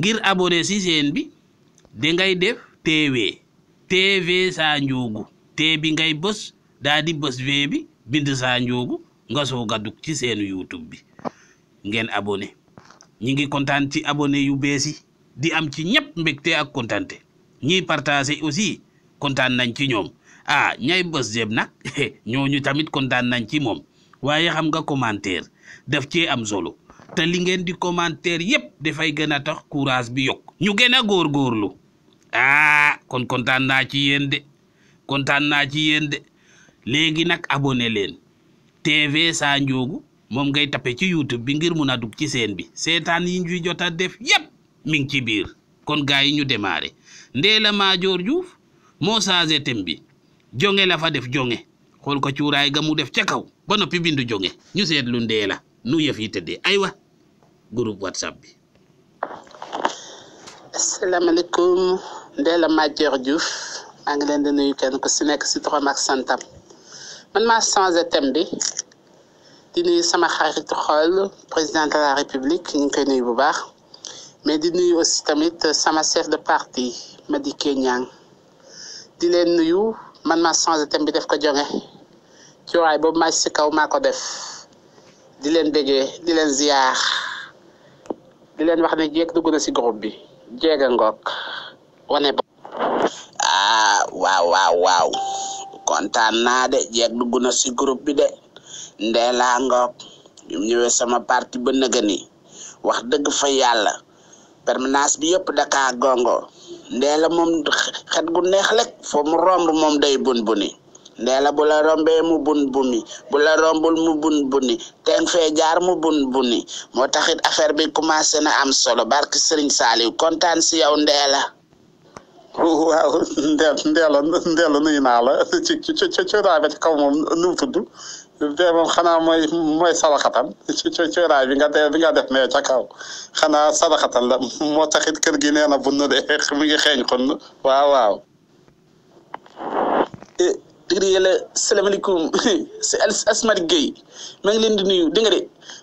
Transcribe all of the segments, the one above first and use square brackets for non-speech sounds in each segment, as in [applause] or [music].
ngir abonné si seen bi da ngay def TV TV saa njuugu te bi ngay bës daa di bës V bi bind saa njuugu nga soog a dugg ci seen YouTube bi ngeen abone ñi ngi kontaan ci abonné yu bees yi di am ci ñëpp mbégte ak kontaante ñii partagé aussi kontaan nañ ci ñoom ah ñay bës jëm nag [laughs] ñooñu tamit kontaan nañ ci moom waaye xam nga commentaire daf cee am solo te li ngeen di commentaire yëpp dafay gën a tax courage bi yokk ñu gën a góorgóorlu ah kon kontaan naa ci yéen de kontaan naa ci yéen de léegi nag abone leen TV Sa Ndiogou moom ngay tappe ci YouTube bi ngir mun a dugg ci seen bi seetaan yi ñu jot a def yëpp mi ngi ci biir kon gars yi ñu démarré Ndella Madior Diouf moo changé thème bi jonge la fa def jonge xool ko cuuraay ga mu def ca kaw ba noppi bindu jonge ñu seetlu Ndella nu yëf yi tëddee aywa groupe whatsapp bi. asalaamaaleykum Ndella maa ngi leen di nuyu kenn ku si nekk si turam ak santam man maa changé thème di nuyu sama xaritu xol président de la république ñu ngi koy nuyu bu baax mais di nuyu tamit sama chef de parti Madické Niang di leen nuyu man maa changé thème bi def ko jonge ci waay boobu maa si kaw maa def di leen bégee di leen ziyaar. di leen wax ne jeeg dugg na si groupe bi jeeg a wane ba ah waaw waaw waaw kontaan naa de jeeg dugg na si groupe bi de ndeelaa ngoog bi sama parti ba nëga wax dëgg fa yàlla permanence bi yëpp dakaa gongo ndeela moom xet gu neex lek foo mu romb moom day bun ndeela bu la rombee mu bun buni bu rombul mu bun buni teen fee jaar mu bun buni moo taxit affaire bi commencé na am solo barke Serigne Saliou kontaan si yow ndeela waaw ndeel ndeela la ci ci ci cooraay ba ci kaw moom nu mu tudd bee moom xanaa mooy saraxatan ci ci cooraay bi nga def bi nga def nee ca kaw xanaa saraxatan la moo taxit kër gi nee na bunn de [laughs] mi ngi xeeñ xunn waaw waaw eh, dëgg yàlla salaamaaleykum si [laughs] Asmari Gueye maa ngi leen di nuyu dégg de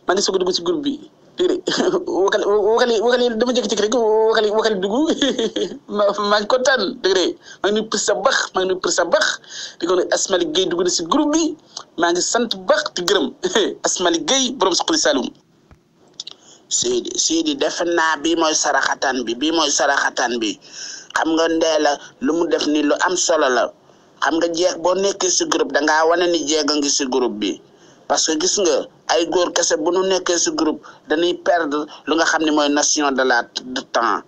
maa ngi soog a si groupe bi dégg nga de [laughs] wakal wakal wakal dama jékki-jékki rek Bax [laughs] maa ngi nuyu Pissa Bax di ko ne dugg si groupe bi maa ngi sant baax di gërëm Asmari borom Suqali Saloum. Sidi Sidi defe naa bii mooy saraxataan bi bii mooy saraxataan bi xam nga ndee la lu mu def nii lu am solo la. xam nga jeex boo nekkee si groupe dangaa wane ni jeeg a ngi si groupe bi parce que gis nga ay góor kese bu nu nekkee si groupe dañuy perdre lu nga xam ne mooy notion de la de temps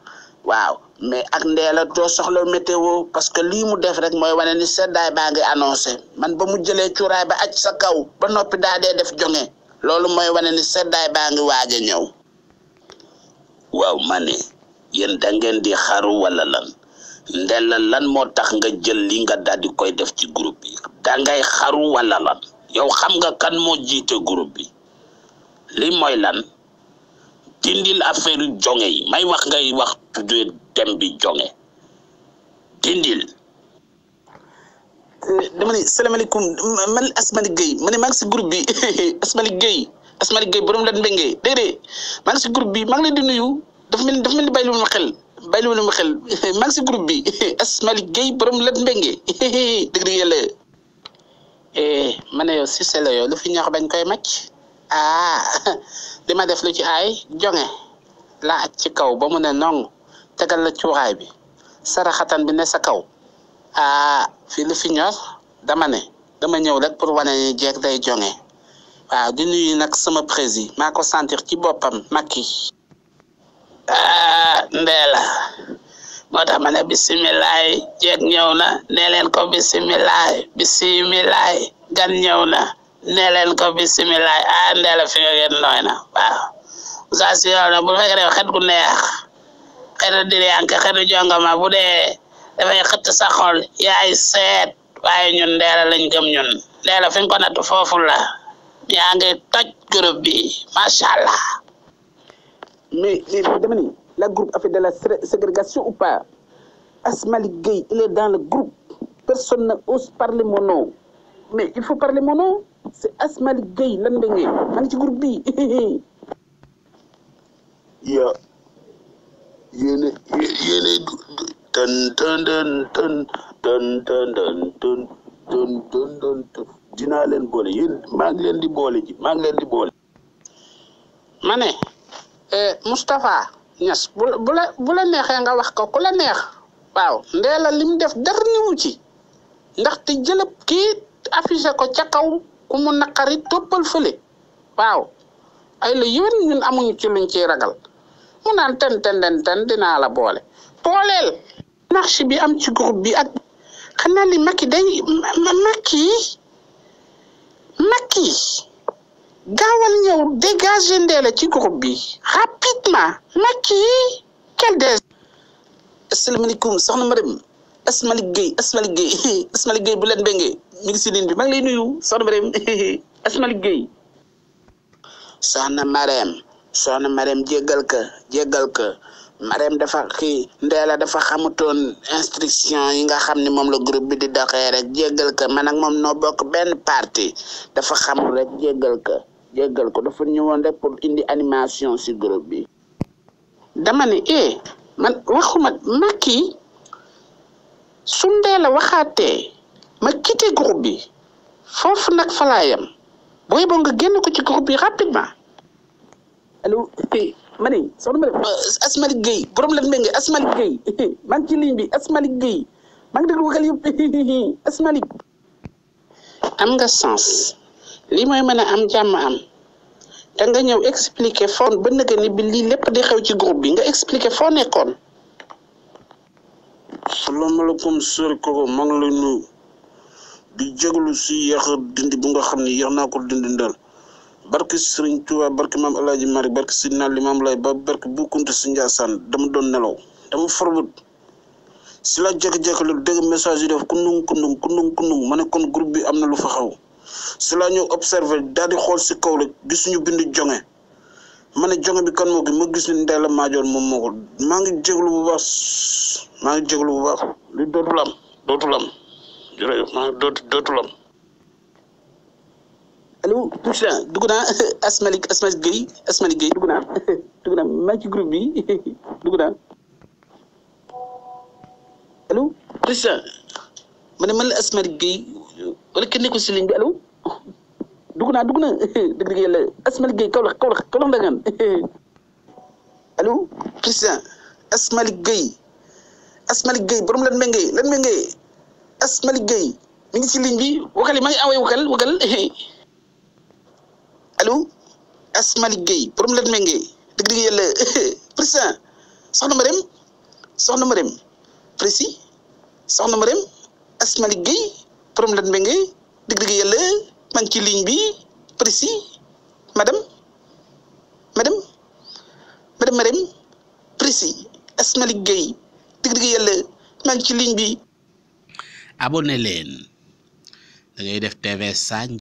waaw mais ak ndeela doo soxla météo parce que lii mu def rek mooy wane ni seddaay baa ngi annoncé man ba mu jëlee cuuraay ba aj sa kaw ba noppi daa dee def jonge loolu mooy wane ni seddaay baa ngi waaj ñëw waaw ma ne yéen ngeen di xaaru wala lan ndella lan moo tax nga jël li nga daal koy def ci groupe bi dangay xaru wala lan yow xam nga kan moo jiite groupe bi li mooy lan dindil affaire jonge yi may wax ngay wax tuddee dem bi jonge dindil eh, dama ne salaamaaleykum man Asmani Gueye ma ne maa ngi si groupe bi [laughs] Asmani Gueye Asmani Gueye borom lan mbéngee déedéet maa ngi si groupe bi maa ngi leen di nuyu dafa mel dafa mel ni bàyyi lu bàyyi li ma xel [laughs] maa si groupe bi [laughs] Asmalik Gueye borom Lat Mbengue dëgg [laughs] dëgg yàlla eh, ma ne yoo si selo yow lu fi ñaax bañ koy macc ah li def lu ci aay jonge laa at ci kaw boo mu ne nong tegal la cuuraay bi saraxatan bi ne sa kaw ah fii lu fi ñor dama ne dama ñëw rek pour wane ne jeeg day jonge waaw di nuy nag sama prési maa ko sentir ci boppam Macky ndeela moo tax ma ne bisimilaay jeeg ñëw na leen ko bisimilaay bisimilaay gan ñëw na leen ko bisimilaay a ah, ndeela fi nga ngeen nooy na waaw saa si na bu fekkee def xet gu neex xetu diriyanke xetu jongama bu dee dafay xëtt sa xol yaay seet waaye ñun ndeela lañ gëm ñun ndeela fi nga ko natt foofu la yaa ngi toj bi macha allah mais mais dama ni la groupe a fait de la ségrégation ou pas Asmalik Gueye il est dans le group personne n'ose parler mon nom mais il faut parler mon nom c'est Asmalik Gueye lan la ngeen maa ci groupe bi. ya yéen a yéen tan tan tan tan tan tan tan tan tan tan dinaa leen boole yéen maa ngi leen di boole ji maa ngi leen di boole. ma Moustapha Niass bu bu la neexee nga wax ko ku la neex waaw Ndella lim def dara niwu ci ndaxte jëlëb kii affiché ko ca kaw ku naqarit naqari toppal fële waaw ay la yéwén ñun amuñu ci luñ ciy ragal mu naan ten ten ten ten la boole booleel marché bi am ci groupe bi ak xanaa li Macky day Macky Macky gaawal ñëw dégager Ndella ci groupe bi rapidement Macky quel des asalaamaaleykum soxna Marème Asmalik Gueye Asmalik Gueye [laughs] Asmalik bu leen bengee mi ngi si ligne bi maa ngi lay nuyu soxna Marème [laughs] Asmalik Gueye soxna Marème soxna Marème jéggal ka jégal ka Marème dafa xii Ndella dafa xamutoon instruction yi nga xam ni moom la groupe bi di doxee rek jéggal ka man ak moom noo bokk benn parti dafa xamul rek jéggal ka jéggal ko dafa ñëwoon rek pour indi animation si groupe bi dama ne eh man waxuma Macky sundee waxaate waxaatee ma quitté groupe bi foofu nag falaayam booy boo nga génn ko ci groupe bi rapidement allo kii ma ne soxna ma euh, Asmali Gueye borom la mbéy nga Asmali Gueye [laughs] maa ngi ci ligne bi Asmali Gueye maa ngi déglu wagal yëpp [laughs] Asmali am nga sens lii mooy mën a am jàmm am da nga ñëw expliquer foo ba nga ni bi lii lépp di xew ci groupe bi nga expliquer foo nekkoon. salaamaaleykum sër Koko maa lay nuyu di jégalu si yéex dindi bu nga xam ne yéex naa ko dindi ndal barke Serigne Touba barke maam El Hadj Malick barke Seydina Limamou Laye ba barke bu Kunta si Ndiassane dama doon nelaw dama forbut si la jékki-jékki lu dégg message yi def kundung kundung kundung kundung ma ne kon groupe bi am na lu fa xew si la ñu observé daal di xool si kaw la gisuñu bind jonge ma ne jonge bi kan moo gi ma gis ni Ndella Madior moom moo ko maa ngi jéglu bu baax maa ngi jéglu bu baax li dugg naa [laughs] Asmalik Asmalik Gueye Asmalik Gueye dugg naa [laughs] dugg naa maa ci groupe bi [laughs] dugg naa allo Pouchin ma ne man la Asmalik Gueye wala kenn nekkul si bi allo dugg naa dugg na dëgg dëgg yàlla Asmalik Gueye Kaolack Kaolack Kaolack ndangaan allo Christian Asmalik Gueye Asmalik borom lan méngee lan méngee Asmalik Gueye mi ngi ci lign bi wakal yi maa ngi envoyé wakal [laughs] borom lan méngee dëgg dëgg yàlla [laughs] Christian soxna ma dem soxna ma dem précis soxna ma dem Asmalik borom lan méngee dëgg dëgg yàlla ma ngi ci ligne bi précis madame madame madame madame précis Asmalik Gueye digg digg yàlla maa ci ligne bi abonné leen da def TV Sagne